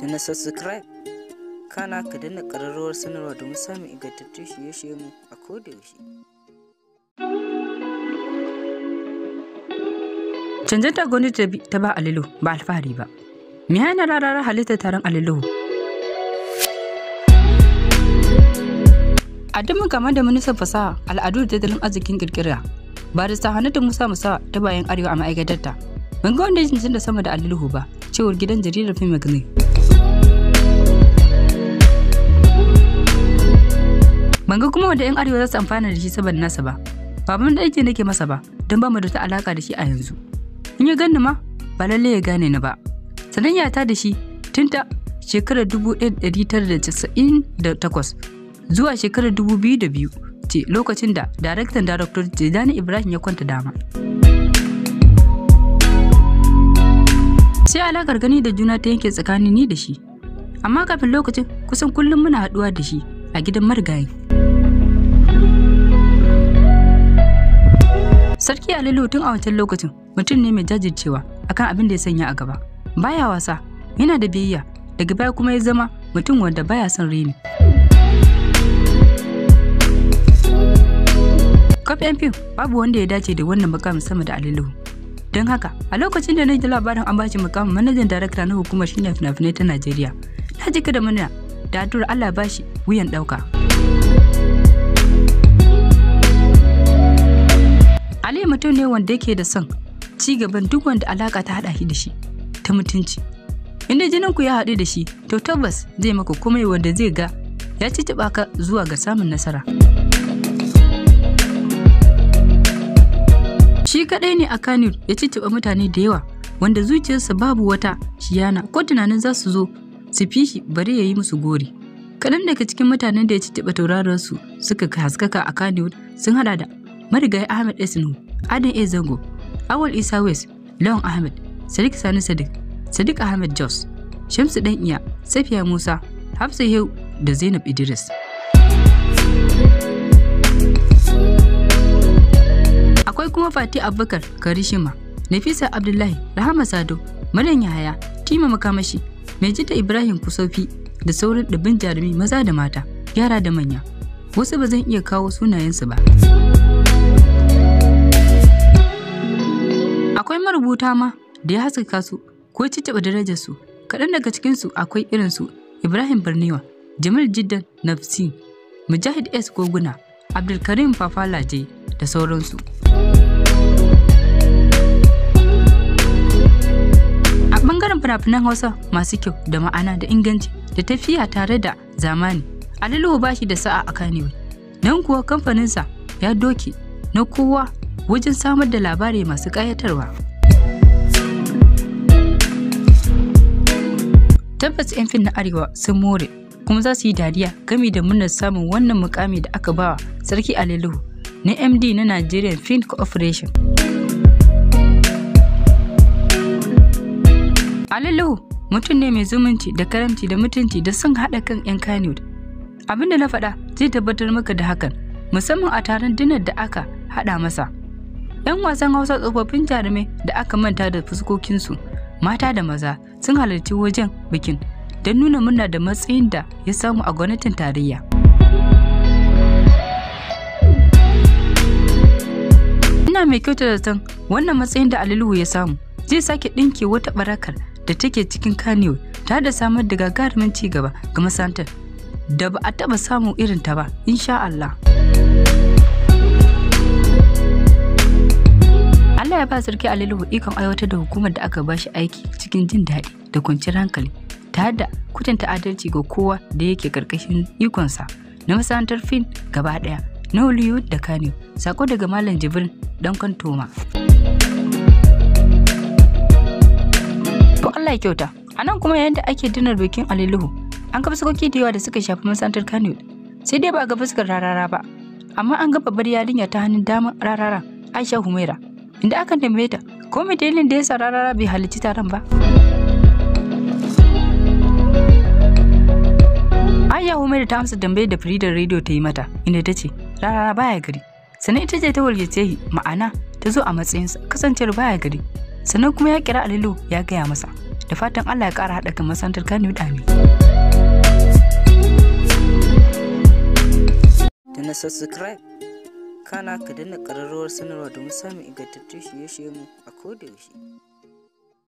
da na subscribe kana ka dana kararrawar sanarwa domin samun ingantattun shirye-shirye mu a kodayaushe. ta gwamnati ta ba alilu ba alfahari ba. Me hana rarara halittar taron alilu? A duk game da ministan fasaha al'adu da tattalin arzikin kirkira ba da barista da Musa Musa ta bayan Arewa a ta Ban ga wanda ya cancanta sama da aliluhu ba, cewar gidan jaridar Fim Magazine. ban ga kuma wanda 'yan arewa za su amfana da shi saboda nasa ba ba ban da aiki nake masa ba don ba mu da ta alaka da shi a yanzu in ya gani ma ba lalle ya gane ni ba sanan ta da shi tun ta shekarar 1998 zuwa shekarar 2002 ce lokacin da daraktan daraktor Jidani Ibrahim ya kwanta dama. Sai alakar gani da juna ta yanke tsakanin ni da shi. Amma kafin lokacin kusan kullum muna haɗuwa da shi a gidan marigayi. Sarki Alilu tun a wancan lokacin mutum ne mai jajircewa akan abin da ya sanya a gaba. Baya wasa, yana da biyayya, daga baya kuma ya zama mutum wanda baya son rini. Kaf MP babu wanda ya dace da wannan mukamin sama da Alilu. Don haka, a lokacin da na ji labarin an bashi mukamin manajan darakta na hukumar shirya fina-finai ta Najeriya, na ji da mana da allah Allah bashi wuyan ɗauka. Ali mutum ne wanda yake da son ci gaban duk wanda alaka ta haɗa shi da shi ta mutunci. Inda jinin ku ya haɗu da shi, to tabbas zai maka komai wanda zai ga ya ci ka zuwa ga samun nasara. Shi kaɗai ne a Kanur ya ci mutane da yawa wanda zuciyarsa babu wata shiyana ko tunanin za su zo su fi shi bari ya yi musu gori. Kaɗan daga cikin mutanen da ya ci taɓa tauraron su suka haskaka a Kanur sun hada da marigayi ahmed esinu adin a zango awal isa west leon ahmed sadiq sani sadiq sadiq ahmed jos shamsu dan iya safiya musa hafsa yau da zainab idris akwai kuma fati abubakar karishima nafisa abdullahi rahama sado malam yahaya tima makamashi mai jita ibrahim kusofi da sauran dabin jarumi maza da mata yara da manya wasu ba zan iya kawo sunayensu ba. Akwai marubuta ma da ya haskaka su ko ya cicciɓa darajar su. Kaɗan daga cikin su akwai irin su Ibrahim barniwa Jamil Jiddan Nafsi, Mujahid S Goguna, Abdulkarim Fafalaje da sauransu. A ɓangaren fina-finan Hausa masu kyau da ma'ana da inganci da tafiya tare da zamani, Alilu ba shi da sa'a a Kanewa. nan kuwa kamfaninsa ya doke na kowa wajen samar da labari masu ƙayatarwa. Tabbas 'yan fin na Arewa sun more kuma za su yi dariya gami da murnar samun wannan mukami da aka bawa Sarki Aliluhu na MD na Nigerian Fin Corporation. Aliluhu mutum ne mai zumunci da karamci da mutunci da sun haɗa kan 'yan Kano. Abin da na faɗa zai tabbatar maka da hakan musamman a taron dinar da aka haɗa masa. 'Yan wasan Hausa tsofaffin jarumai da aka manta da fuskokinsu, mata da maza sun halarci wajen bikin don nuna murna da matsayin da ya samu a gwamnatin tarayya. Ina mai kyauta da san wannan matsayin da Aliluhu ya samu zai sake ɗinke wata barakar da take cikin Kanewe ta da samar da gagarumin ci gaba ga masantar da ba a taɓa samun irin ta ba, insha Allah. Allah ya ba sarki Alilu ikon aiwatar da hukumar da aka bashi aiki cikin jin daɗi da kwanciyar hankali ta da kutanta adalci ga kowa da yake karkashin ikonsa na masana'antar fin gaba ɗaya na Hollywood da Kano sako daga Malam jibril dan Kantoma. To Allah ya kyauta a nan kuma yayin da ake dinar bikin Aliluhu an ga sakoki da yawa da suka shafi masana'antar Kano sai dai ba ga fuskar rarara ba amma an ga babbar yarinya ta hannun damar rarara Aisha Humaira inda aka tambaye ta ko mai dalilin da ya sa rarara bai halarci taron ba. Aya Humaira ta amsa tambaye da Firidar rediyo ta yi mata inda ta ce rarara baya gari sannan ita ce ta walgace ma'ana ta zo a matsayinsa kasancewar baya gari sannan kuma ya kira Alilu ya gaya masa da fatan Allah ya kara haɗa kan masantar Kano da Amin. subscribe kana ka dana ƙararrawar sanarwa domin samun ingantattun shirye mu a kodayaushe.